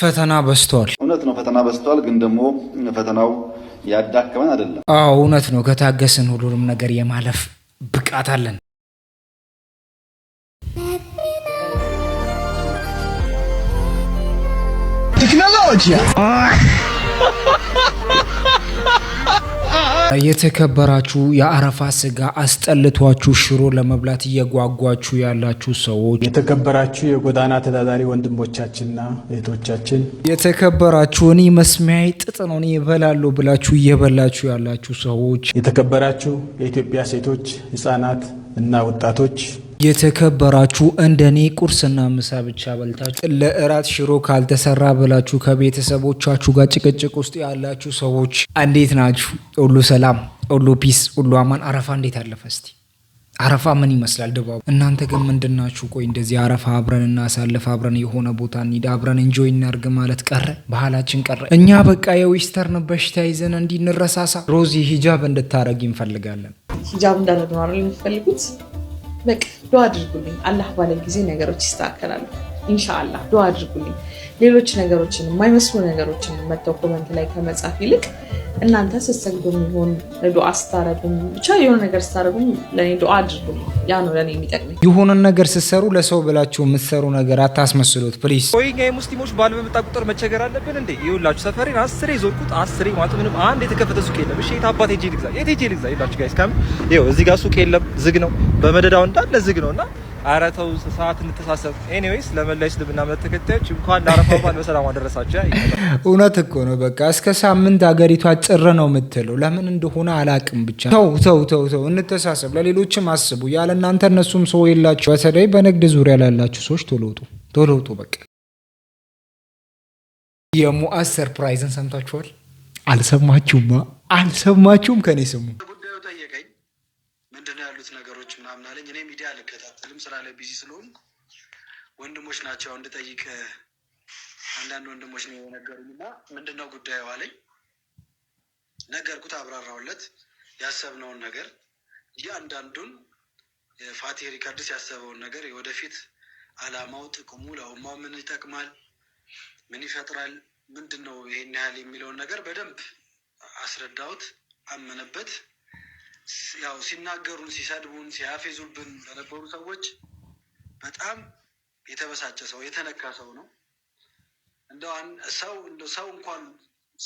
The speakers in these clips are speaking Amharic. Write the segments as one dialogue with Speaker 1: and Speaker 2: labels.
Speaker 1: ፈተና በስተዋል።
Speaker 2: እውነት ነው፣ ፈተና በስተዋል፣ ግን ደግሞ ፈተናው ያዳከመን አይደለም።
Speaker 1: አዎ እውነት ነው። ከታገስን ሁሉንም ነገር የማለፍ ብቃት አለን። ቴክኖሎጂ የተከበራችሁ የአረፋ ስጋ አስጠልቷችሁ ሽሮ ለመብላት እየጓጓችሁ ያላችሁ ሰዎች፣
Speaker 2: የተከበራችሁ የጎዳና ተዳዳሪ ወንድሞቻችንና እህቶቻችን፣
Speaker 1: የተከበራችሁ እኔ መስሚያዬ ጥጥ ነው እኔ እበላለሁ ብላችሁ እየበላችሁ ያላችሁ ሰዎች፣
Speaker 2: የተከበራችሁ የኢትዮጵያ ሴቶች፣ ህጻናት እና ወጣቶች
Speaker 1: የተከበራችሁ እንደኔ ቁርስና ምሳ ብቻ በልታችሁ ለእራት ሽሮ ካልተሰራ ብላችሁ ከቤተሰቦቻችሁ ጋር ጭቅጭቅ ውስጥ ያላችሁ ሰዎች እንዴት ናችሁ? ሁሉ ሰላም፣ ሁሉ ፒስ፣ ሁሉ አማን። አረፋ እንዴት አለፈ? እስቲ አረፋ ምን ይመስላል ድባቡ? እናንተ ግን ምንድናችሁ? ቆይ እንደዚህ አረፋ አብረን እናሳልፍ፣ አብረን የሆነ ቦታ እንሂድ፣ አብረን እንጆይ እናርግ ማለት ቀረ? ባህላችን ቀረ? እኛ በቃ የዌስተርን በሽታ ይዘን እንዲንረሳሳ ሮዚ ሂጃብ እንድታረግ እንፈልጋለን።
Speaker 3: ሂጃብ እንዳደርግ ነው የሚፈልጉት በቃ ዱአ አድርጉልኝ። አላህ ባለ ጊዜ ነገሮች ይስተካከላሉ። ኢንሻአላህ ዱአ አድርጉልኝ። ሌሎች ነገሮችን የማይመስሉ ነገሮችን መተው ኮመንት ላይ ከመጻፍ ይልቅ እናንተ ስትሰግዱ የሚሆን ዱዓ ስታረጉም ብቻ የሆነ ነገር ስታረጉም ለእኔ ዱዓ አድርጉ። ያ ነው ለእኔ የሚጠቅመኝ።
Speaker 1: የሆነን ነገር ስትሰሩ ለሰው ብላችሁ የምትሰሩ ነገር አታስመስሉት ፕሊስ።
Speaker 4: ወይ እኛ የሙስሊሞች በዓል በመጣ ቁጥር መቸገር አለብን እንዴ? ይሁላችሁ ሰፈሬን አስሬ ዞርኩት። አስሬ ማለት ምንም አንድ የተከፈተ ሱቅ የለም። እሺ የት አባት ሄጄ ልግዛ? የት ሄጄ ልግዛ? ይላችሁ ጋይስ ካም ይኸው እዚህ ጋር ሱቅ የለም፣ ዝግ ነው። በመደዳው እንዳለ ዝግ ነው እና ኧረ ተው ሰዓት እንተሳሰብ። ኤኒዌይስ ለመላው እስልምና እምነት ተከታዮች እንኳን ለአረፋ በዓል በሰላም አደረሳችሁ።
Speaker 1: እውነት እኮ ነው። በቃ እስከ ሳምንት አገሪቷ ጭር ነው የምትለው ለምን እንደሆነ አላቅም። ብቻ ተው ተው ተው ተው፣ እንተሳሰብ፣ ለሌሎችም አስቡ። ያለ እናንተ እነሱም ሰው የላችሁ። በተለይ በንግድ ዙሪያ ላላችሁ ሰዎች ቶሎ ውጡ፣ ቶሎ ውጡ። በቃ የሙአዝ ሰርፕራይዝን ሰምታችኋል? አልሰማችሁማ? አልሰማችሁም? ከኔ ስሙ
Speaker 5: ስላለኝ እኔ ሚዲያ አልከታተልም ስራ ላይ ቢዚ ስለሆን ወንድሞች ናቸው እንድጠይቅ አንዳንድ ወንድሞች ነው የነገሩኝ እና ምንድነው ጉዳዩ አለኝ። ነገርኩት፣ አብራራውለት ያሰብነውን ነገር እያንዳንዱን ፋቲ ሪካርድስ ያሰበውን ነገር የወደፊት አላማው፣ ጥቅሙ ለውማው ምን ይጠቅማል፣ ምን ይፈጥራል፣ ምንድን ነው ይሄን ያህል የሚለውን ነገር በደንብ አስረዳሁት። አመነበት። ያው ሲናገሩን፣ ሲሰድቡን፣ ሲያፌዙብን ለነበሩ ሰዎች በጣም የተበሳጨ ሰው የተነካ ሰው ነው። እንደው ሰው ሰው እንኳን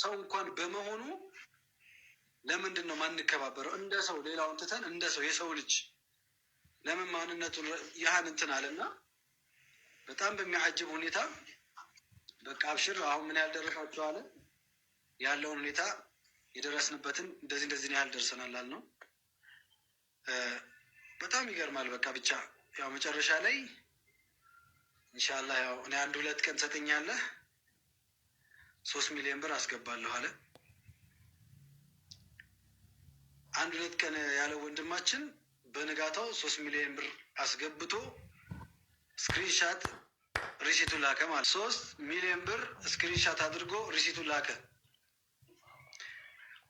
Speaker 5: ሰው እንኳን በመሆኑ ለምንድን ነው ማንከባበረው? እንደ ሰው ሌላውን ትተን እንደ ሰው የሰው ልጅ ለምን ማንነቱን ያህን እንትን አለና በጣም በሚያጅብ ሁኔታ በቃ አብሽር አሁን ምን ያህል ደረሳችሁ አለ ያለውን ሁኔታ የደረስንበትን እንደዚህ እንደዚህ ያህል ደርሰናል አልነው። በጣም ይገርማል። በቃ ብቻ ያው መጨረሻ ላይ እንሻላ ያው እኔ አንድ ሁለት ቀን ሰጠኛለህ ሶስት ሚሊዮን ብር አስገባለሁ አለ። አንድ ሁለት ቀን ያለው ወንድማችን በንጋታው ሶስት ሚሊዮን ብር አስገብቶ ስክሪንሻት ሪሲቱ ላከ ማለት ሶስት ሚሊዮን ብር ስክሪንሻት አድርጎ ሪሲቱ ላከ።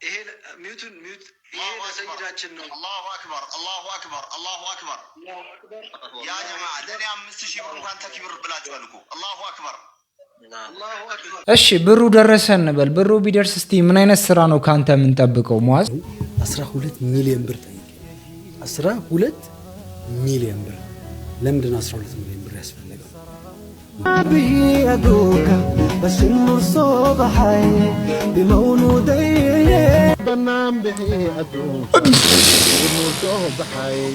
Speaker 5: ይሄ ሚዩቱን ሚዩት ይሄ ለሰይዳችን ነው።
Speaker 6: አላሁ አክበር አላሁ አክበር አላሁ አክበር። ያ ጀማ ለእኔ አምስት ሺህ ብር እንኳን ብላችኋል እኮ አላሁ አክበር።
Speaker 1: እሺ ብሩ ደረሰ እንበል። ብሩ ቢደርስ እስቲ ምን አይነት ስራ ነው ከአንተ የምንጠብቀው? ሟዝ 12 ሚሊዮን ብር ጠይቅ። 12 ሚሊዮን ብር ለምንድን ነው ሚሊዮን أبي أدوك بس المصوب حي بمولودي بنام به أدوك المصوب حي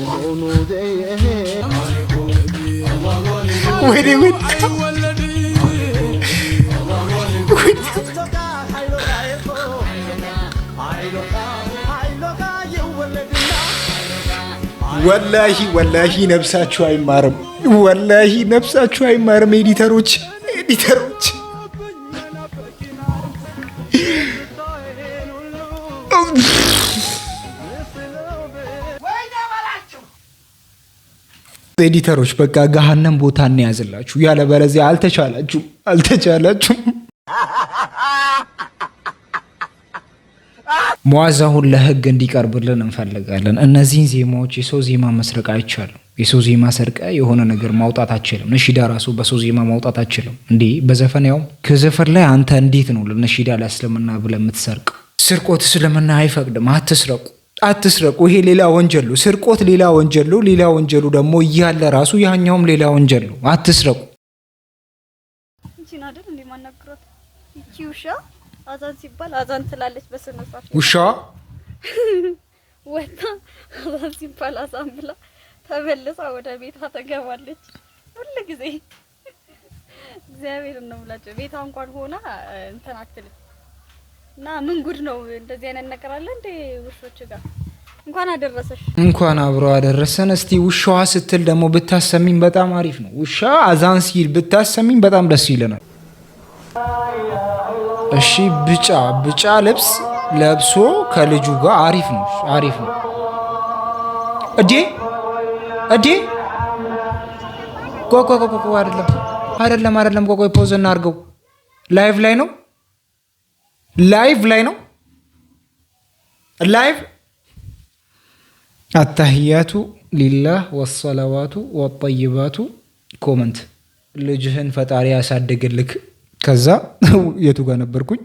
Speaker 1: بمولودي ويلي ويلي والله ወላሂ ነብሳችሁ አይማርም። ወላሂ ነፍሳችሁ አይማርም። ኤዲተሮች ኤዲተሮች ኤዲተሮች በቃ ገሀነም ቦታ እናያዝላችሁ። ያለበለዚያ አልተቻላችሁም፣ አልተቻላችሁም። ሙአዝ አሁን ለህግ እንዲቀርብልን እንፈልጋለን። እነዚህን ዜማዎች የሰው ዜማ መስረቅ አይቻልም። የሰው ዜማ ሰርቀ የሆነ ነገር ማውጣት አችልም። ነሺዳ ራሱ ዜማ ማውጣት አችልም እንዴ በዘፈን ያው ከዘፈን ላይ አንተ እንዴት ነው ለነሺዳ ለእስልምና ብለህ የምትሰርቅ? ስርቆት እስልምና አይፈቅድም። አትስረቁ አትስረቁ። ይሄ ሌላ ወንጀሉ፣ ስርቆት ሌላ ወንጀሉ፣ ሌላ ወንጀሉ ደግሞ እያለ ራሱ ያኛውም ሌላ ወንጀሉ። አትስረቁ።
Speaker 7: አዛን ሲባል አዛን ትላለች በስነ ስርዓት ውሻ ወጣ አዛን ሲባል አዛን ብላ ተመልሳ ወደ ቤቷ ተገባለች። ሁሉ ጊዜ እግዚአብሔር ነው ብላችሁ ቤቷ እንኳን ሆና እንትን አትልም። እና ምን ጉድ ነው እንደዚህ አይነት ነገር አለ እንዴ? ውሾች ጋር እንኳን አደረሰሽ፣
Speaker 1: እንኳን አብሮ አደረሰን። እስቲ ውሻዋ ስትል ደግሞ ብታሰሚኝ በጣም አሪፍ ነው። ውሻ አዛን ሲል ብታሰሚኝ በጣም ደስ ይለናል። እሺ፣ ብጫ ብጫ ልብስ ለብሶ ከልጁ ጋር አሪፍ ነው፣ አሪፍ ነው እዴ እዲ ቆቆ ቆቆ አይደለም አይደለም አይደለም። ቆቆ ፖዝ እናድርገው። ላይቭ ላይ ነው፣ ላይቭ ላይ ነው። ላይቭ አታህያቱ ሊላህ ወሰላዋቱ ወጠይባቱ ኮመንት ልጅህን ፈጣሪ ያሳደግልክ። ከዛ የቱ ጋር ነበርኩኝ?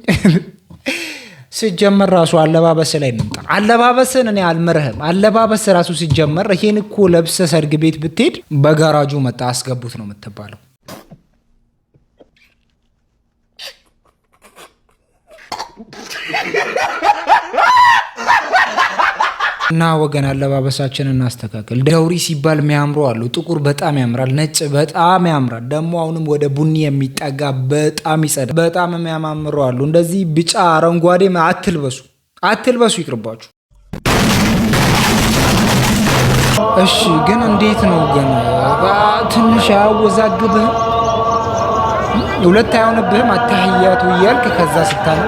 Speaker 1: ሲጀመር ራሱ አለባበስ ላይ ምንጣ አለባበስን እኔ አልምርህም። አለባበስ ራሱ ሲጀመር ይሄን እኮ ለብሰ ሰርግ ቤት ብትሄድ በጋራጁ መጣ አስገቡት ነው የምትባለው። እና ወገን አለባበሳችን እናስተካከል። ደውሪ ሲባል የሚያምሩ አሉ። ጥቁር በጣም ያምራል፣ ነጭ በጣም ያምራል። ደግሞ አሁንም ወደ ቡኒ የሚጠጋ በጣም ይጸዳል። በጣም የሚያማምሩ አሉ። እንደዚህ ቢጫ አረንጓዴ አትልበሱ፣ አትልበሱ፣ ይቅርባችሁ። እሺ ግን እንዴት ነው ግን ትንሽ አያወዛግብህም? ሁለት አይሆንብህም? አታህያቱ እያልክ ከዛ ስታነ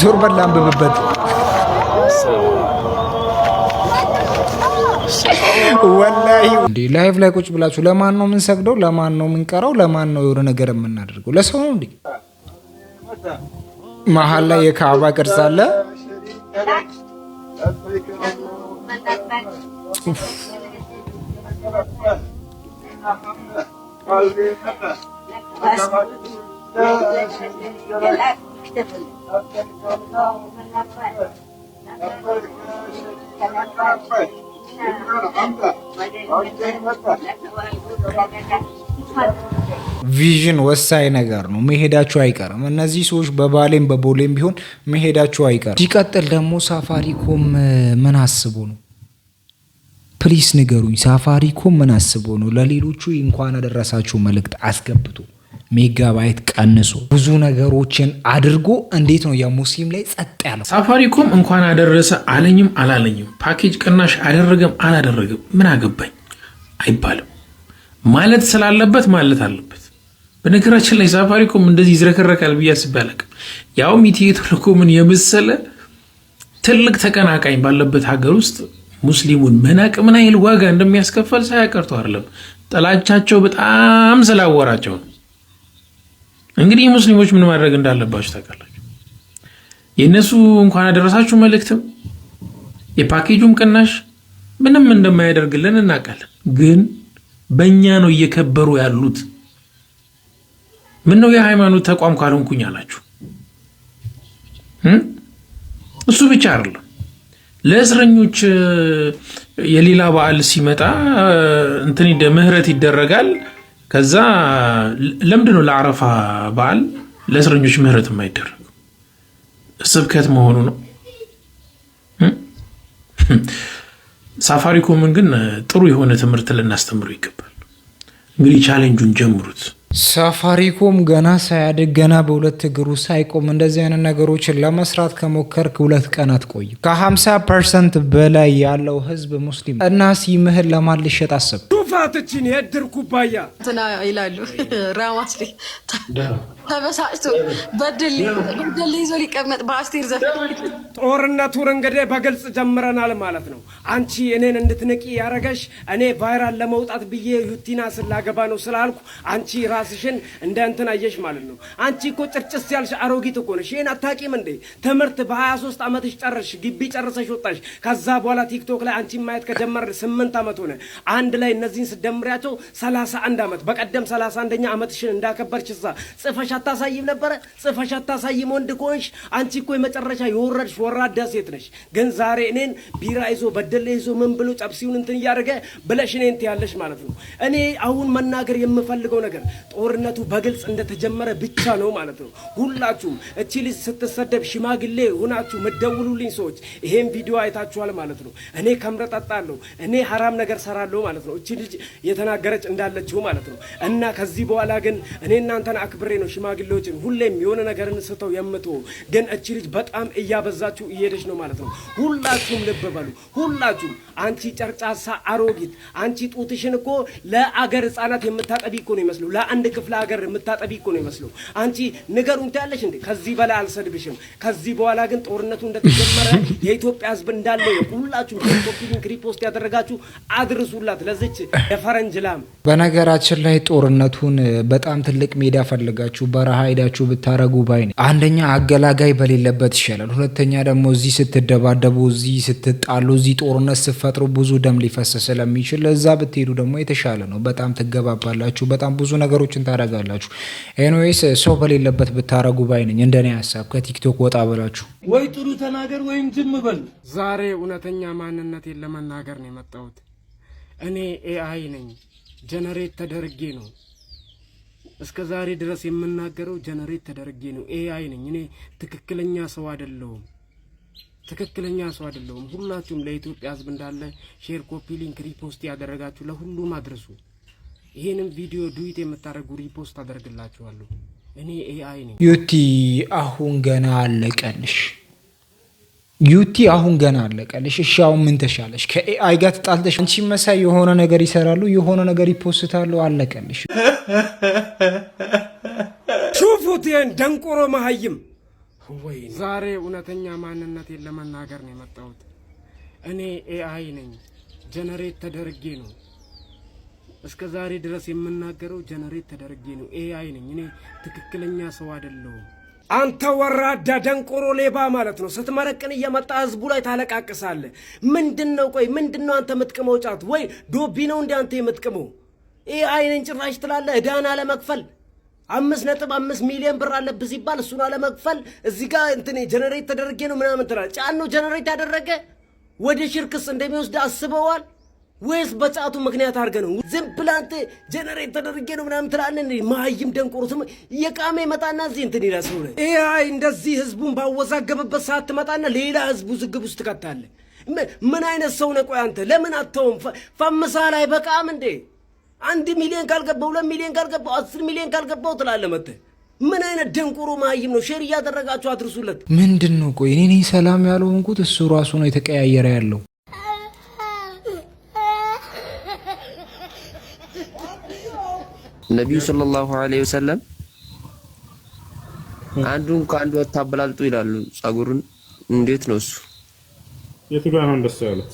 Speaker 1: ዞር በላ አንብብበት ላይቭ ላይ ቁጭ ብላችሁ ለማን ነው የምንሰግደው? ለማን ነው የምንቀራው? ለማን ነው የሆነ ነገር የምናደርገው? ለሰው ነው እንዴ? መሀል ላይ የካዕባ ቅርጽ አለ። ቪዥን ወሳኝ ነገር ነው። መሄዳቸው አይቀርም። እነዚህ ሰዎች በባሌም በቦሌም ቢሆን መሄዳቸው አይቀርም። ሲቀጥል ደግሞ ሳፋሪኮም ምን አስቦ ነው? ፕሊስ ንገሩኝ። ሳፋሪኮም ምን አስቦ ነው ለሌሎቹ እንኳን አደረሳችሁ መልእክት አስገብቶ ሜጋባይት ቀንሶ ብዙ ነገሮችን አድርጎ እንዴት ነው የሙስሊም ላይ ጸጥ ያለው? ሳፋሪኮም እንኳን አደረሰ አለኝም አላለኝም ፓኬጅ ቅናሽ አደረገም አላደረገም ምን አገባኝ አይባልም። ማለት ስላለበት ማለት አለበት። በነገራችን ላይ ሳፋሪኮም እንደዚህ ይዝረከረካል ብዬ አስቤ አላውቅም። ያውም ኢትዮ ቴሌኮምን የመሰለ ትልቅ ተቀናቃኝ ባለበት ሀገር ውስጥ ሙስሊሙን መናቅ ምን ያህል ዋጋ እንደሚያስከፈል ሳያቀርቶ አይደለም። ጥላቻቸው በጣም ስላወራቸው ነው። እንግዲህ ሙስሊሞች ምን ማድረግ እንዳለባችሁ ታውቃላችሁ። የእነሱ እንኳን አደረሳችሁ መልእክትም የፓኬጁም ቅናሽ ምንም እንደማያደርግልን እናውቃለን። ግን በእኛ ነው እየከበሩ ያሉት። ምን ነው የሃይማኖት ተቋም ካልሆንኩኝ አላችሁ። እሱ ብቻ አይደለም። ለእስረኞች የሌላ በዓል ሲመጣ እንትን ምህረት ይደረጋል ከዛ ለምንድን ነው ለአረፋ በዓል ለእስረኞች ምህረት የማይደረግ? ስብከት መሆኑ ነው። ሳፋሪኮምን ግን ጥሩ የሆነ ትምህርት ልናስተምሩ ይገባል። እንግዲህ ቻሌንጁን ጀምሩት። ሳፋሪኮም ገና ሳያድግ ገና በሁለት እግሩ ሳይቆም እንደዚህ አይነት ነገሮችን ለመስራት ከሞከርክ ሁለት ቀናት ቆዩ ከ ከ50 ፐርሰንት በላይ ያለው ህዝብ ሙስሊም እና ሲምህል ለማን ልሸጥ አሰብ ቱፋትችን የድር ኩባያ
Speaker 8: ይላሉ። ራማስ ተበሳጭቶ በድል ይዞ ሊቀመጥ በአስቴር ዘ
Speaker 9: ጦርነቱን እንግዲህ በግልጽ ጀምረናል ማለት ነው። አንቺ እኔን እንድትንቂ ያረገሽ እኔ ቫይራል ለመውጣት ብዬ ዩቲና ስላገባ ነው ስላልኩ አንቺ ራስሽን እንደ እንትን አየሽ ማለት ነው። አንቺ እኮ ጭርጭስ ያልሽ አሮጊት እኮ ነሽ። ይህን አታቂም እንዴ? ትምህርት በ23 ዓመትሽ ጨረስሽ፣ ግቢ ጨርሰሽ ወጣሽ። ከዛ በኋላ ቲክቶክ ላይ አንቺ ማየት ከጀመር ስምንት ዓመት ሆነ። አንድ ላይ እነዚህን ስደምሪያቸው 31 ዓመት። በቀደም 31ኛ ዓመትሽን እንዳከበርሽ ዛ ጽፈሽ አታሳይም ነበረ? ጽፈሽ አታሳይም። ወንድ ከሆንሽ አንቺ እኮ የመጨረሻ የወረድሽ ወራዳ ሴት ነሽ። ግን ዛሬ እኔን ቢራ ይዞ በደሌ ይዞ ምን ብሎ ጨብሲውን እንትን እያደረገ ብለሽ እኔን ትያለሽ ማለት ነው። እኔ አሁን መናገር የምፈልገው ነገር ጦርነቱ በግልጽ እንደተጀመረ ብቻ ነው ማለት ነው። ሁላችሁም እቺ ልጅ ስትሰደብ ሽማግሌ ሁናችሁ መደውሉልኝ ሰዎች ይሄን ቪዲዮ አይታችኋል ማለት ነው። እኔ ከምረ ጠጣለሁ፣ እኔ ሀራም ነገር ሰራለሁ ማለት ነው። እቺ ልጅ የተናገረች እንዳለችው ማለት ነው። እና ከዚህ በኋላ ግን እኔ እናንተን አክብሬ ነው ሽማግሌዎችን ሁሌም የሆነ ነገርን ስተው የምትሆ ግን እቺ ልጅ በጣም እያበዛችሁ እየሄደች ነው ማለት ነው። ሁላችሁም ልብ በሉ። ሁላችሁም አንቺ ጨርጫሳ አሮጊት፣ አንቺ ጡትሽን እኮ ለአገር ህጻናት የምታጠቢ እኮ ነው ይመስሉ አንድ ክፍለ ሀገር የምታጠቢ እኮ ነው ይመስለው። አንቺ ንገሩን ታያለሽ እንዴ? ከዚህ በላይ አልሰድብሽም። ከዚህ በኋላ ግን ጦርነቱ እንደተጀመረ የኢትዮጵያ ሕዝብ እንዳለ ሁላችሁ ኮፒን ክሪፖስት ያደረጋችሁ አድርሱላት ለዚች የፈረንጅ ላም።
Speaker 1: በነገራችን ላይ ጦርነቱን በጣም ትልቅ ሜዳ ፈልጋችሁ በረሃ ሄዳችሁ ብታረጉ ባይ ነኝ። አንደኛ አገላጋይ በሌለበት ይሻላል። ሁለተኛ ደግሞ እዚህ ስትደባደቡ፣ እዚህ ስትጣሉ፣ እዚህ ጦርነት ስትፈጥሩ ብዙ ደም ሊፈስ ስለሚችል እዛ ብትሄዱ ደግሞ የተሻለ ነው። በጣም ትገባባላችሁ። በጣም ብዙ ነገሮች ነገሮችን ታደርጋላችሁ። ኤንዌይስ ሰው በሌለበት ብታረጉ ባይ ነኝ። እንደኔ ሀሳብ ከቲክቶክ ወጣ በላችሁ። ወይ ጥሩ ተናገር ወይም ዝም በል።
Speaker 10: ዛሬ እውነተኛ ማንነቴን ለመናገር ነው የመጣሁት። እኔ ኤአይ ነኝ። ጀነሬት ተደርጌ ነው እስከ ዛሬ ድረስ የምናገረው ጀነሬት ተደርጌ ነው። ኤአይ ነኝ እኔ ትክክለኛ ሰው አይደለሁም። ትክክለኛ ሰው አይደለሁም። ሁላችሁም ለኢትዮጵያ ሕዝብ እንዳለ ሼር፣ ኮፒ ሊንክ፣ ሪፖስት ያደረጋችሁ ለሁሉም አድርሱ። ይህንም ቪዲዮ ዱዊት የምታደርጉ ሪፖስት አደርግላችኋለሁ። እኔ
Speaker 1: ኤአይ ነኝ። ዩቲ አሁን ገና አለቀልሽ። ዩቲ አሁን ገና አለቀልሽ። እሺ አሁን ምን ተሻለሽ? ከኤአይ ጋር ተጣልተሽ አንቺ መሳይ የሆነ ነገር ይሰራሉ፣ የሆነ ነገር ይፖስታሉ። አለቀልሽ። ሹፉትን ደንቆሮ መሀይም
Speaker 10: ወይ ዛሬ እውነተኛ ማንነቴን ለመናገር ነው የመጣሁት። እኔ ኤአይ ነኝ፣ ጀነሬት ተደርጌ ነው እስከ ዛሬ ድረስ የምናገረው ጀነሬት ተደርጌ ነው። ኤአይ ነኝ እኔ፣ ትክክለኛ ሰው አይደለሁም።
Speaker 1: አንተ ወራዳ፣ ደንቆሮ፣ ሌባ ማለት ነው። ስትመረቅን እየመጣ ህዝቡ ላይ ታለቃቅሳለ። ምንድን ነው? ቆይ ምንድን ነው አንተ የምትቅመው? ጫት ወይ ዶቢ ነው እንዲ አንተ የምትቅመው? ኤአይ ነኝ ጭራሽ ትላለ። እዳና አለመክፈል አምስት ነጥብ አምስት ሚሊዮን ብር አለብህ ሲባል እሱን አለመክፈል እዚህ ጋር እንትን ጀነሬት ተደርጌ ነው ምናምን ትላለህ። ጫን ነው ጀነሬት ያደረገ ወደ ሽርክስ እንደሚወስድ አስበዋል። ወይስ በፀአቱ ምክንያት አድርገ ነው? ዝም ብለህ አንተ ጀነሬት ተደርጌ ነው ምናምን ትላለህ። ማይም ስም እየቃመ ይመጣና እዚህ እንትን ይላል ሰው ይሄ አይ እንደዚህ ህዝቡን ባወዛገበበት ሰዓት ትመጣና ሌላ ህዝቡ ዝግብ ውስጥ ትከታለህ። ምን አይነት ሰው ነህ? ቆይ አንተ ለምን አተውም ፈምሳ ላይ በቃም እንዴ አንድ ሚሊዮን ካልገባው ሁለት ሚሊዮን ካልገባው አስር ሚሊዮን ካልገባው ትላለህ መተህ ምን አይነት ደንቆሮ መሀይም ነው? ሼር እያደረጋችሁ አድርሱለት። ምንድን ነው ቆይ እኔ ሰላም ያልሆንኩት እሱ ራሱ ነው የተቀያየረ ያለው
Speaker 11: ነቢዩ ሰለላሁ ዐለይሂ ወሰለም አንዱን ከአንዱ አታበላልጡ ይላሉ። ጸጉሩን እንዴት ነው እሱ?
Speaker 12: የቱ ጋር ነው እንደሱ ያሉት?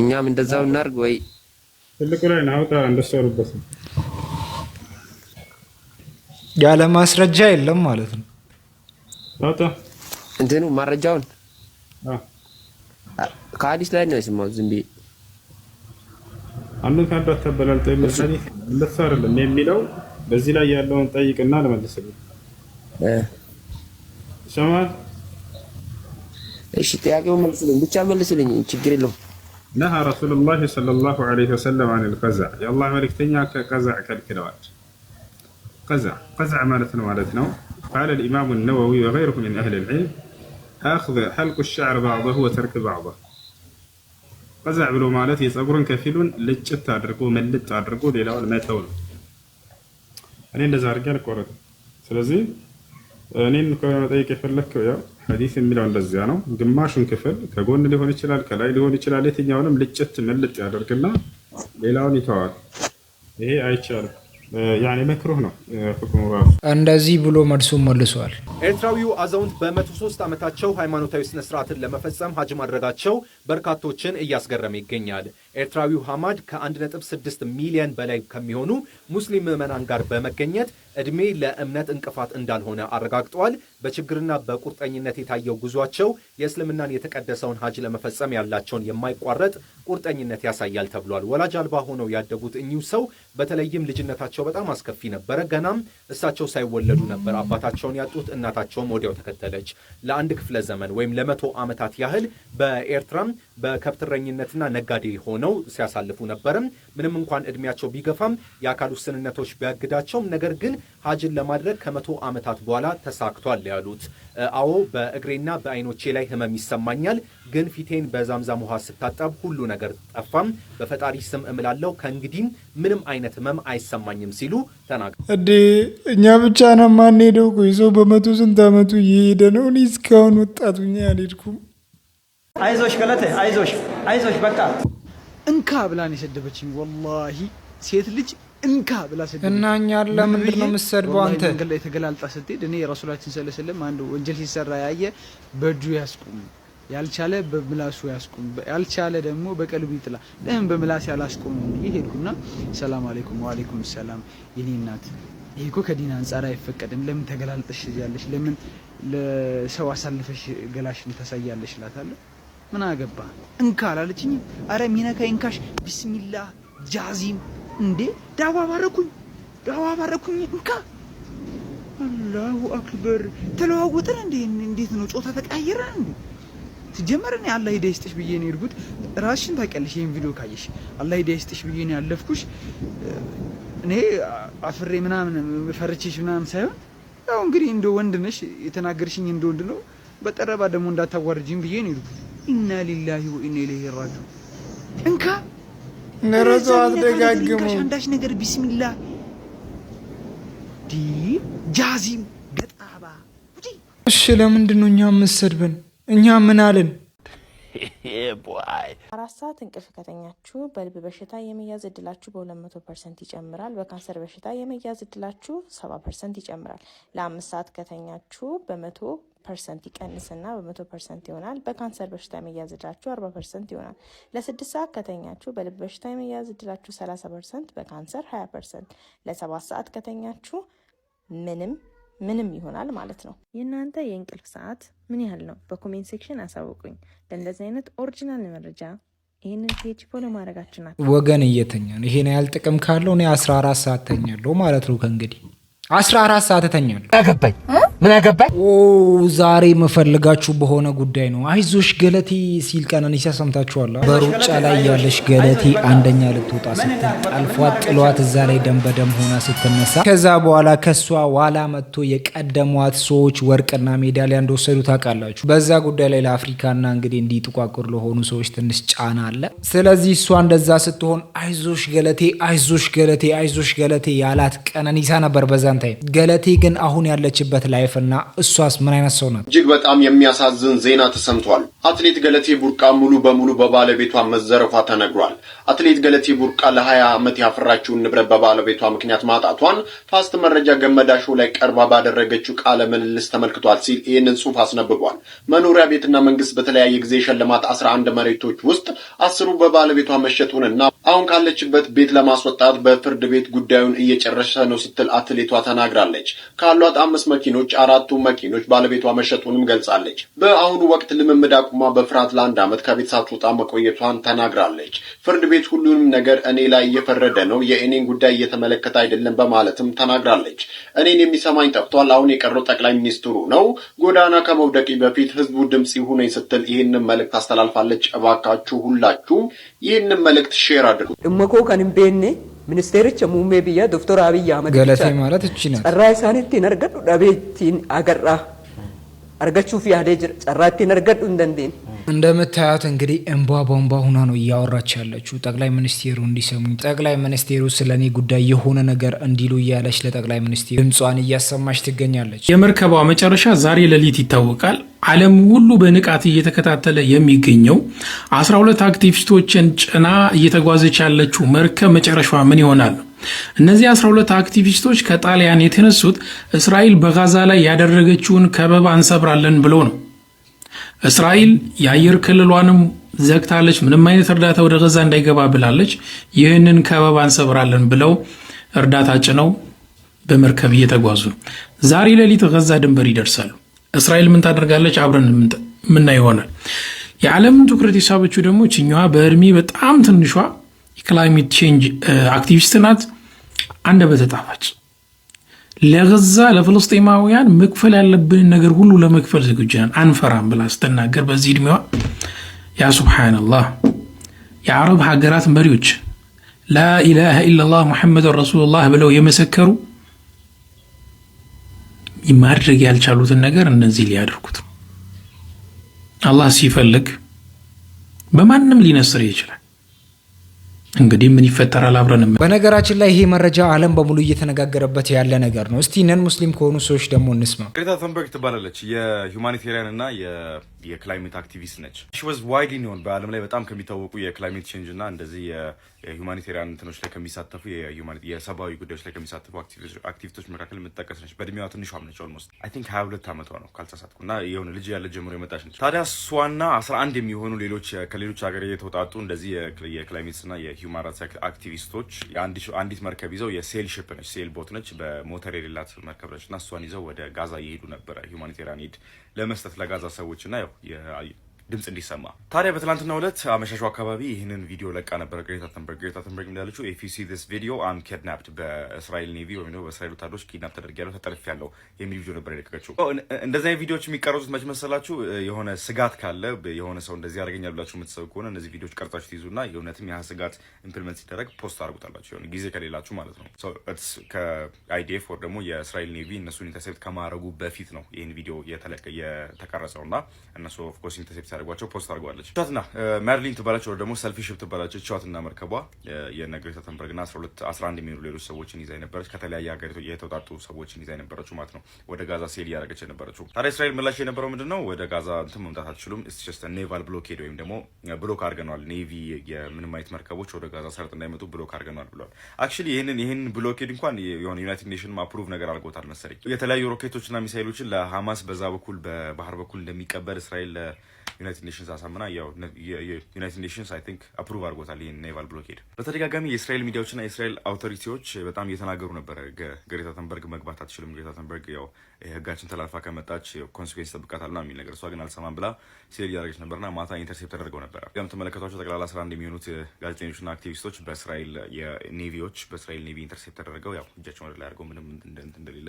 Speaker 11: እኛም እንደዛው እናርግ ወይ?
Speaker 12: ትልቁ ላይ ነው አውጣ፣ እንደሱ ያሉበት ነው።
Speaker 11: ያለ ማስረጃ የለም ማለት ነው። አውጣ እንትኑ ማረጃውን ከሀዲስ ላይ ነው የሰማሁት ዝም ብዬ
Speaker 12: አንዱን ከአንዱ አታበላል እንደሱ አይደለም የሚለው በዚህ ላይ ያለውን ጠይቅና ልመልስልኝ። ይሰማል?
Speaker 11: እሺ፣ ጥያቄው መልስልኝ፣ ብቻ መልስልኝ፣ ችግር የለውም።
Speaker 12: ነሃ ረሱሉላህ ሰለላሁ ዐለይሂ ወሰለም አኒል ቀዝዕ፣ የአላህ መልእክተኛ ከቀዝዕ ከልክለዋል። ቀዝዕ ቀዝዕ ማለት ነው ማለት ነው። ቃለ ልኢማሙ ነወዊ ወገይሩሁ ምን አህል ልዕልም አኽዘ ሐልቁ ሸዕር ባዕضሁ ወተርክ ባዕضሁ ቀዛ ብሎ ማለት የፀጉርን ከፊሉን ልጭት አድርጎ መልጥ አድርጎ ሌላውን መተው ነው። እኔ እንደዛ አድርጌ አልቆረጥም። ስለዚህ እኔን ከመጠየቅ የፈለግከው ያው ሐዲስ የሚለው እንደዚያ ነው። ግማሹን ክፍል ከጎን ሊሆን ይችላል፣ ከላይ ሊሆን ይችላል። የትኛውንም ልጭት መልጥ ያደርግና ሌላውን ይተዋል። ይሄ አይቻልም። ነው
Speaker 1: ራሱ። እንደዚህ ብሎ መልሱን መልሷል።
Speaker 13: ኤርትራዊው አዛውንት በመቶ ሶስት ዓመታቸው ሃይማኖታዊ ስነስርዓትን ለመፈጸም ሀጅ ማድረጋቸው በርካቶችን እያስገረመ ይገኛል። ኤርትራዊው ሐማድ ከ1.6 ሚሊዮን በላይ ከሚሆኑ ሙስሊም ምዕመናን ጋር በመገኘት ዕድሜ ለእምነት እንቅፋት እንዳልሆነ አረጋግጠዋል። በችግርና በቁርጠኝነት የታየው ጉዟቸው የእስልምናን የተቀደሰውን ሀጅ ለመፈጸም ያላቸውን የማይቋረጥ ቁርጠኝነት ያሳያል ተብሏል። ወላጅ አልባ ሆነው ያደጉት እኚሁ ሰው በተለይም ልጅነታቸው በጣም አስከፊ ነበረ። ገናም እሳቸው ሳይወለዱ ነበር አባታቸውን ያጡት። እናታቸውም ወዲያው ተከተለች። ለአንድ ክፍለ ዘመን ወይም ለመቶ ዓመታት ያህል በኤርትራም በከብትረኝነትና ነጋዴ ሆነ ሆነው ሲያሳልፉ ነበርም። ምንም እንኳን እድሜያቸው ቢገፋም የአካል ውስንነቶች ቢያግዳቸውም ነገር ግን ሀጅን ለማድረግ ከመቶ ዓመታት በኋላ ተሳክቷል ያሉት፣ አዎ በእግሬና በአይኖቼ ላይ ህመም ይሰማኛል፣ ግን ፊቴን በዛምዛም ውሃ ስታጠብ ሁሉ ነገር ጠፋም። በፈጣሪ ስም እምላለው ከእንግዲህም ምንም አይነት ህመም አይሰማኝም ሲሉ ተናግ
Speaker 1: እዴ እኛ ብቻ ነው ማንሄደው። ቆይ ሰው በመቶ ስንት ዓመቱ እየሄደ ነው? እኔ እስካሁን ወጣቱኛ አልሄድኩም።
Speaker 11: አይዞሽ ገለቴ አይዞሽ አይዞሽ በቃ እንካ ብላን የሰደበችኝ ወላሂ ሴት ልጅ እንካ ብላ
Speaker 1: እና እኛን ለምንድን ነው የምትሰድበው? አንተ
Speaker 11: መንገድ ላይ ተገላልጣ ስትሄድ እኔ የረሱላችን ሰለሰለም አንድ ወንጀል ሲሰራ ያየ በእጁ ያስቁም፣ ያልቻለ በምላሱ ያስቁም፣ ያልቻለ ደግሞ በቀልቡ ይጥላ። ለምን በምላስ ያላስቁም? ይሄ ሄድኩና ሰላም አለይኩም ወአለይኩም ሰላም። የኔ እናት ይሄ እኮ ከዲን አንጻር አይፈቀድም። ለምን ተገላልጠሽ ያለሽ? ለምን ለሰው አሳልፈሽ ገላሽን ታሳያለሽ? እላታለሁ ምን አገባ እንካ አላለችኝ። አረ ሚነካ ይንካሽ። ቢስሚላ ጃዚም እንዴ ዳዋ ባረኩኝ፣ ዳዋ ባረኩኝ። እንካ አላሁ አክበር። ተለዋወጥን እንዴ? እንዴት ነው ጾታ ተቀያየረ እንዴ? ሲጀመር እኔ አላህ ሂዳያ ይስጥሽ ብዬ ነው የሄድኩት። ራስሽን ታውቂያለሽ። ይሄን ቪዲዮ ካየሽ አላህ ሂዳያ ይስጥሽ ብዬ ነው ያለፍኩሽ። እኔ አፍሬ ምናምን ፈርቼሽ ምናምን ሳይሆን ያው እንግዲህ እንደ ወንድ ነሽ የተናገርሽኝ እንደ ወንድ ነው። በጠረባ ደግሞ እንዳታዋርጅኝ ብዬ ነው የሄድኩት። ኢና ሊላሂ ወኢና ኢለይሂ ራጂዑን። እንካ
Speaker 1: ነረዞ አትደጋግሙ።
Speaker 11: አንዳች ነገር ቢስሚላ ዲ ጃዚም ገጣባ።
Speaker 1: እሺ ለምንድን ነው እኛ የምትሰድበን? እኛ ምን አለን?
Speaker 14: አራት ሰዓት እንቅልፍ ከተኛችሁ በልብ በሽታ የመያዝ እድላችሁ በሁለት መቶ ፐርሰንት ይጨምራል። በካንሰር በሽታ የመያዝ እድላችሁ ሰባ ፐርሰንት ይጨምራል። ለአምስት ሰዓት ከተኛችሁ በመቶ ፐርሰንት ይቀንስና በመቶ ፐርሰንት ይሆናል። በካንሰር በሽታ የመያዝ እድላችሁ አርባ ፐርሰንት ይሆናል። ለስድስት ሰዓት ከተኛችሁ በልብ በሽታ የመያዝ እድላችሁ ሰላሳ ፐርሰንት፣ በካንሰር ሀያ ፐርሰንት። ለሰባት ሰዓት ከተኛችሁ ምንም ምንም ይሆናል ማለት ነው። የእናንተ የእንቅልፍ ሰዓት ምን ያህል ነው? በኮሜንት ሴክሽን አሳውቁኝ። ለእንደዚህ አይነት ኦሪጂናል መረጃ ይህንን ፔጅ ፎሎ ማድረጋችን
Speaker 1: ወገን እየተኛ ነው። ይሄን ያህል ጥቅም ካለው እኔ አስራ አራት ሰዓት ተኛለሁ ማለት ነው። ከእንግዲህ አስራ አራት ሰዓት ተኛለሁ። ምን ያገባኝ? ዛሬ መፈልጋችሁ በሆነ ጉዳይ ነው። አይዞሽ ገለቴ ሲል ቀነኒሳ ሰምታችኋል። በሩጫ ላይ ያለሽ ገለቴ አንደኛ ልትወጣ ስትል ጠልፏት ጥሏት እዛ ላይ ደም በደም ሆና ስትነሳ ከዛ በኋላ ከሷ ዋላ መጥቶ የቀደሟት ሰዎች ወርቅና ሜዳሊያ እንደወሰዱ ታውቃላችሁ። በዛ ጉዳይ ላይ ለአፍሪካና እንግዲህ እንዲህ ጥቋቁር ለሆኑ ሰዎች ትንሽ ጫና አለ። ስለዚህ እሷ እንደዛ ስትሆን አይዞሽ ገለቴ፣ አይዞሽ ገለቴ፣ አይዞሽ ገለቴ ያላት ቀነኒሳ ነበር በዛን ታይም። ገለቴ ግን አሁን ያለችበት ላይፍ እና እሷስ ምን አይነት ሰው ናት?
Speaker 15: እጅግ በጣም የሚያሳዝን ዜና ተሰምቷል። አትሌት ገለቴ ቡርቃ ሙሉ በሙሉ በባለቤቷ መዘረፏ ተነግሯል። አትሌት ገለቴ ቡርቃ ለ20 ዓመት ያፈራችውን ንብረት በባለቤቷ ምክንያት ማጣቷን ፋስት መረጃ ገመዳ ላይ ቀርባ ባደረገችው ቃለ ምልልስ ተመልክቷል ሲል ይህንን ጽሑፍ አስነብቧል። መኖሪያ ቤትና መንግስት በተለያየ ጊዜ የሸለማት 11 መሬቶች ውስጥ አስሩ በባለቤቷ መሸጡንና አሁን ካለችበት ቤት ለማስወጣት በፍርድ ቤት ጉዳዩን እየጨረሰ ነው ስትል አትሌቷ ተናግራለች። ካሏት አምስት መኪኖች አራቱ መኪኖች ባለቤቷ መሸጡንም ገልጻለች። በአሁኑ ወቅት ልምምድ አቁማ በፍርሃት ለአንድ ዓመት ከቤት ሳትወጣ መቆየቷን ተናግራለች። ፍርድ ቤት ሁሉንም ነገር እኔ ላይ እየፈረደ ነው፣ የእኔን ጉዳይ እየተመለከተ አይደለም በማለትም ተናግራለች። እኔን የሚሰማኝ ጠፍቷል፣ አሁን የቀረው ጠቅላይ ሚኒስትሩ ነው። ጎዳና ከመውደቂ በፊት ህዝቡ ድምፅ ይሁነኝ ስትል ይህንን መልእክት አስተላልፋለች። እባካችሁ ሁላችሁም ይህንን መልእክት ሼር አድርጉ።
Speaker 16: እመኮ ከንቤኔ Ministeericha muummee biyyaa Dooktar Abiyyi Ahmad.
Speaker 1: Galatee ማለት እቺ ናት.
Speaker 16: Carraa isaaniittiin argadhu dhabeettiin agarra. ያደ ጅር ጨራቴን ነርገዱ እንደንዴን
Speaker 1: እንደምታያት እንግዲህ እንባ በእንባ ሁና ነው እያወራች ያለችው። ጠቅላይ ሚኒስቴሩ እንዲሰሙኝ ጠቅላይ ሚኒስቴሩ ስለ እኔ ጉዳይ የሆነ ነገር እንዲሉ እያለች ለጠቅላይ ሚኒስቴሩ ድምጿን እያሰማች ትገኛለች። የመርከቧ መጨረሻ ዛሬ ሌሊት ይታወቃል። ዓለም ሁሉ በንቃት እየተከታተለ የሚገኘው 12 አክቲቪስቶችን ጭና እየተጓዘች ያለችው መርከብ መጨረሻ ምን ይሆናል? እነዚህ 12 አክቲቪስቶች ከጣሊያን የተነሱት እስራኤል በጋዛ ላይ ያደረገችውን ከበባ እንሰብራለን ብሎ ነው። እስራኤል የአየር ክልሏንም ዘግታለች። ምንም አይነት እርዳታ ወደ ጋዛ እንዳይገባ ብላለች። ይህንን ከበባ እንሰብራለን ብለው እርዳታ ጭነው በመርከብ እየተጓዙ ነው። ዛሬ ሌሊት ጋዛ ድንበር ይደርሳሉ። እስራኤል ምን ታደርጋለች? አብረን ምና ይሆናል። የዓለምን ትኩረት የሳበችው ደግሞ ችኛዋ በእድሜ በጣም ትንሿ የክላይሜት ቼንጅ አክቲቪስት ናት። አንደበተ ጣፋጭ ለገዛ ለፍልስጤማውያን መክፈል ያለብንን ነገር ሁሉ ለመክፈል ዝግጁ ነን አንፈራም ብላ ስትናገር በዚህ እድሜዋ ያ ሱብሓነላህ የአረብ ሀገራት መሪዎች ላኢላሃ ኢላላህ ሙሐመድን ረሱሉላህ ብለው የመሰከሩ ማድረግ ያልቻሉትን ነገር እነዚህ ሊያደርጉት ነው። አላህ ሲፈልግ በማንም ሊነስር ይችላል። እንግዲህ ምን ይፈጠራል አብረን።
Speaker 17: በነገራችን ላይ ይሄ መረጃ ዓለም በሙሉ እየተነጋገረበት ያለ ነገር ነው። እስቲ ነን ሙስሊም ከሆኑ ሰዎች ደግሞ እንስማ።
Speaker 18: ግሬታ ተንበርግ ትባላለች የሁማኒቴሪያን እና የክላይሜት አክቲቪስት ነች። ሽወዝ ዋይድሊ ኒሆን በዓለም ላይ በጣም ከሚታወቁ የክላይሜት ቼንጅ እና እንደዚህ የሁማኒቴሪያን እንትኖች ላይ ከሚሳተፉ የሰብአዊ ጉዳዮች ላይ ከሚሳተፉ አክቲቪስቶች መካከል የምትጠቀስ ነች። በእድሜዋ ትንሿም ነች። ኦልሞስት አይ ቲንክ ሀያ ሁለት ዓመቷ ነው ካልተሳትኩ እና የሆነ ልጅ ያለ ጀምሮ የመጣች ነች። ታዲያ እሷና አስራ አንድ የሚሆኑ ሌሎች ከሌሎች ሀገር የተውጣጡ እንደዚህ የክላይሜትስ የክላይሜትና የሂውማን ራይትስ አክቲቪስቶች አንዲት መርከብ ይዘው የሴል ሽፕ ነች፣ ሴል ቦት ነች፣ በሞተር የሌላት መርከብ ነች እና እሷን ይዘው ወደ ጋዛ እየሄዱ ነበረ ሁማኒቴሪያን ሄድ ለመስጠት ለጋዛ ሰዎች እና yeah, I, ድምፅ እንዲሰማ። ታዲያ በትናንትናው ዕለት አመሻሹ አካባቢ ይህንን ቪዲዮ ለቃ ነበረ ግሬታ ተንበርግ። ግሬታ ተንበርግ እንዳለችው ኢፍ ዩ ሲ ዚስ ቪዲዮ አም ኪድናፕድ በእስራኤል ኔቪ ወይም ደግሞ በእስራኤል ወታደሮች ኪድናፕ ተደርጊያለሁ፣ ተጠልፌያለሁ የሚል ቪዲዮ ነበር የለቀቀችው። እንደዚህ ቪዲዮዎች የሚቀረጹት መች መሰላችሁ? የሆነ ስጋት ካለ የሆነ ሰው እንደዚህ ያደርገኛል ብላችሁ የምትሰብ ከሆነ እነዚህ ቪዲዮዎች ቀርጻችሁ ትይዙና የእውነትም ያህ ስጋት ኢምፕልመንት ሲደረግ ፖስት አድርጉታላችሁ የሆነ ጊዜ ከሌላችሁ ማለት ነው። ከአይዲኤፍ ወር ደግሞ የእስራኤል ኔቪ እነሱን ኢንተርሴፕት ከማድረጉ በፊት ነው ይህን ቪዲዮ የተቀረጸው እና እነሱ ኦፍኮርስ ኢንተርሴፕት አድርጓቸው ፖስት አድርጓለች። ቻትና ሜርሊን ትባላች ወደ ደግሞ ሰልፊሽፕ ሽፕ ትባላች። ቻትና መርከቧ የነገሪት ተንበርግ ና 11 የሚሆኑ ሌሎች ሰዎችን ይዛ የነበረች ከተለያየ ሀገሪቱ የተውጣጡ ሰዎችን ይዛ የነበረችው ማለት ነው ወደ ጋዛ ሴል እያደረገች የነበረችው። ታዲያ እስራኤል ምላሽ የነበረው ምንድን ነው? ወደ ጋዛ እንትን መምጣት አትችሉም። ስስ ኔቫል ብሎኬድ ወይም ደግሞ ብሎክ አድርገነዋል፣ ኔቪ የምንም አይነት መርከቦች ወደ ጋዛ ሰርጥ እንዳይመጡ ብሎክ አድርገነዋል ብለዋል። አክቹዋሊ ይህንን ይህን ብሎኬድ እንኳን የሆነ ዩናይትድ ኔሽን አፕሩቭ ነገር አድርጎታል መሰለኝ የተለያዩ ሮኬቶችና ሚሳይሎችን ለሀማስ በዛ በኩል በባህር በኩል እንደሚቀበል እስራኤል ዩናይትድ ኔሽንስ አሳምና ዩናይትድ ኔሽንስ አይ ቲንክ አፕሩቭ አድርጎታል ይህን ኔቫል ብሎኬድ። በተደጋጋሚ የእስራኤል ሚዲያዎች ሚዲያዎችና የእስራኤል አውቶሪቲዎች በጣም እየተናገሩ ነበረ። ግሬታ ተንበርግ መግባት አትችልም፣ ግሬታ ተንበርግ ያው ህጋችን ተላልፋ ከመጣች ኮንስኩዌንስ ና የሚል ነገር እሷ ግን አልሰማም ብላ ሲል እያደረገች ነበርና ማታ ኢንተርሴፕት ተደርገው ነበረ። ያም ተመለከቷቸው ጠቅላላ አስራ አንድ የሚሆኑት ጋዜጠኞች ና አክቲቪስቶች በእስራኤል የኔቪዎች በእስራኤል ኔቪ ኢንተርሴፕት ተደረገው ያው እጃቸውን ወደ ላይ አድርገው ምንም እንደሌለ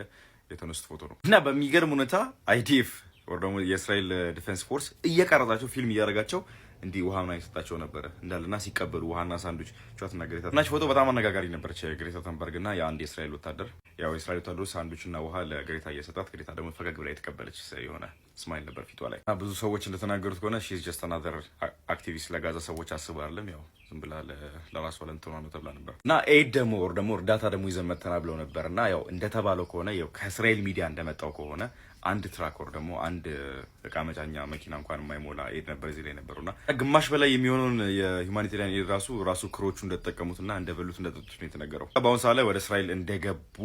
Speaker 18: የተነሱት ፎቶ ነው እና በሚገርም ሁኔታ አይዲኤፍ ወር ደግሞ የእስራኤል ዲፌንስ uh, ፎርስ እየቀረጻቸው ፊልም እያደረጋቸው እንዲህ ውሃ ምናምን የሰጣቸው ነበረ እንዳለና ሲቀበሉ ውሃና ሳንዱች ቸትና ግሬታ ናች። ፎቶ በጣም አነጋጋሪ ነበረች። ግሬታ ተንበርግ እና የአንድ የእስራኤል ወታደር ያው የእስራኤል ወታደሮች ሳንዱችና ውሃ ለግሬታ እየሰጣት ግሬታ ደግሞ ፈገግ ብላ የተቀበለች የሆነ ስማይል ነበር ፊቷ ላይ እና ብዙ ሰዎች እንደተናገሩት ከሆነ ሺዝ ጀስት አናዘር አክቲቪስት ለጋዛ ሰዎች አስባለም ያው ዝም ብላ ለራሷ ለእንትኗ ነው ተብላ ነበር እና ኤድ ደግሞ ወር ደግሞ እርዳታ ደግሞ ይዘመተና ብለው ነበር እና ያው እንደተባለው ከሆነ ያው ከእስራኤል ሚዲያ እንደመጣው ከሆነ አንድ ትራክ ወር ደግሞ አንድ እቃ መጫኛ መኪና እንኳን የማይሞላ ኤድ ነበር እዚህ ላይ ነበሩ እና ግማሽ በላይ የሚሆነውን የሁማኒቴሪያን ኤድ ራሱ ራሱ ክሮቹ እንደተጠቀሙትና እንደበሉት እንደጠጡት ነው የተነገረው። በአሁን ሰዓት ላይ ወደ እስራኤል እንደገቡ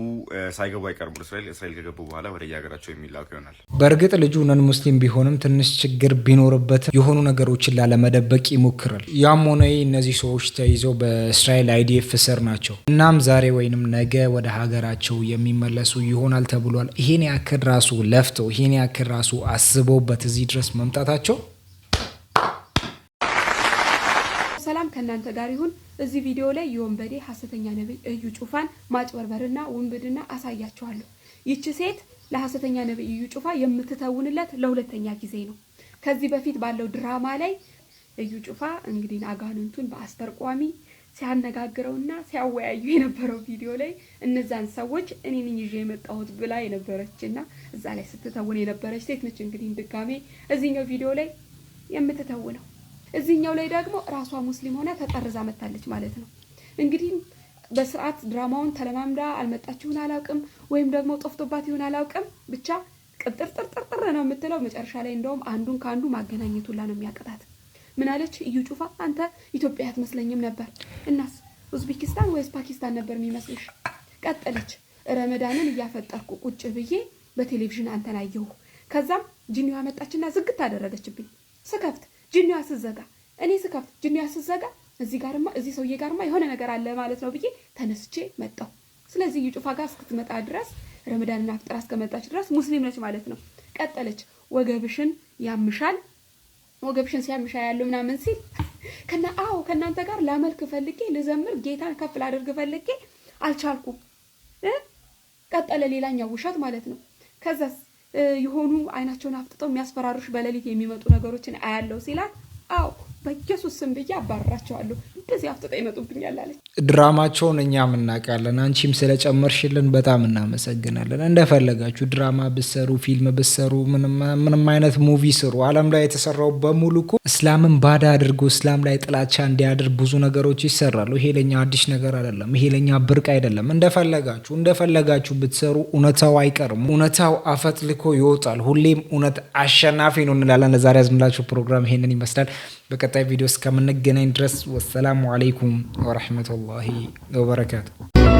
Speaker 18: ሳይገቡ አይቀርም። ወደ እስራኤል እስራኤል ከገቡ በኋላ ወደ የሀገራቸው የሚላኩ ይሆናል።
Speaker 1: በእርግጥ ልጁ ነን ሙስሊም ቢሆንም ትንሽ ችግር ቢኖርበት የሆኑ ነገሮችን ላለመደበቅ ይሞክራል። ያም ሆነ እነዚህ ሰዎች ተይዘው በእስራኤል አይዲኤፍ ስር ናቸው። እናም ዛሬ ወይንም ነገ ወደ ሀገራቸው የሚመለሱ ይሆናል ተብሏል። ይሄን ያክል ራሱ ለፍ ለፍቶ ይሄን ያክል ራሱ አስበውበት እዚህ ድረስ መምጣታቸው
Speaker 19: ሰላም ከእናንተ ጋር ይሁን። እዚህ ቪዲዮ ላይ የወንበዴ ሀሰተኛ ነቢይ እዩ ጩፋን ማጭበርበርና ውንብድና አሳያችኋለሁ። ይቺ ሴት ለሀሰተኛ ነቢይ እዩ ጩፋ የምትተውንለት ለሁለተኛ ጊዜ ነው። ከዚህ በፊት ባለው ድራማ ላይ እዩ ጩፋ እንግዲህ አጋንንቱን በአስተርቋሚ ሲያነጋግረውና ሲያወያዩ የነበረው ቪዲዮ ላይ እነዛን ሰዎች እኔ ነኝ ይዤ የመጣሁት ብላ የነበረች እና እዛ ላይ ስትተውን የነበረች ሴት ነች። እንግዲህ ድጋሜ እዚህኛው ቪዲዮ ላይ የምትተውነው እዚህኛው ላይ ደግሞ ራሷ ሙስሊም ሆና ተጠርዛ መታለች ማለት ነው። እንግዲህ በስርዓት ድራማውን ተለማምዳ አልመጣችሁን አላውቅም፣ ወይም ደግሞ ጠፍቶባት ይሁን አላውቅም ብቻ ቅጥርጥርጥርጥር ነው የምትለው። መጨረሻ ላይ እንደውም አንዱን ከአንዱ ማገናኘቱላ ነው የሚያቀጣት። ምን አለች እዩ ጩፋ? አንተ ኢትዮጵያ አትመስለኝም ነበር። እናስ ኡዝቤኪስታን ወይስ ፓኪስታን ነበር የሚመስልሽ? ቀጠለች። ረመዳንን እያፈጠርኩ ቁጭ ብዬ በቴሌቪዥን አንተን አየሁ። ከዛም ጅኒዋ መጣችና ዝግት አደረገችብኝ። ስከፍት ጅኒዋ ስዘጋ፣ እኔ ስከፍት ጅኒዋ ስዘጋ፣ እዚህ ጋርማ እዚህ ሰውዬ ጋርማ የሆነ ነገር አለ ማለት ነው ብዬ ተነስቼ መጣሁ። ስለዚህ እዩ ጩፋ ጋር እስክትመጣ ድረስ ረመዳንና ፍጥራ እስከመጣች ድረስ ሙስሊም ነች ማለት ነው። ቀጠለች። ወገብሽን ያምሻል ወገብሽን ሲያምሻ ያሉ ምናምን ሲል ከና አዎ ከእናንተ ጋር ላመልክ ፈልጌ ልዘምር ጌታን ከፍ ላደርግ ፈልጌ አልቻልኩም። ቀጠለ ሌላኛው ውሸት ማለት ነው። ከዛስ የሆኑ አይናቸውን አፍጥጠው የሚያስፈራሩሽ በሌሊት የሚመጡ ነገሮችን አያለው ሲላት፣ አዎ በኢየሱስ ስም ብዬ አባራቸዋለሁ። እንደዚህ አፍጥጣ ይመጡብኛል አለች። ድራማቸውን እኛም እናውቃለን፣ አንቺም ስለጨመርሽልን በጣም እናመሰግናለን። እንደፈለጋችሁ ድራማ ብሰሩ፣ ፊልም ብሰሩ፣ ምንም አይነት ሙቪ ስሩ። አለም ላይ የተሰራው በሙሉ እኮ እስላምን ባዳ አድርጎ እስላም ላይ ጥላቻ እንዲያድር ብዙ ነገሮች ይሰራሉ። ይሄ ለኛ አዲስ ነገር አይደለም። ይሄ ለኛ ብርቅ አይደለም። እንደፈለጋችሁ እንደፈለጋችሁ ብትሰሩ እውነታው አይቀርም። እውነታው አፈትልኮ ይወጣል። ሁሌም እውነት አሸናፊ ነው እንላለን። ለዛሬ ያዝምላችሁ ፕሮግራም ይሄንን ይመስላል። በቀጣይ ቪዲዮ እስከምንገናኝ ድረስ ወሰላሙ አለይኩም ወረህመቱላሂ ወበረካቱ።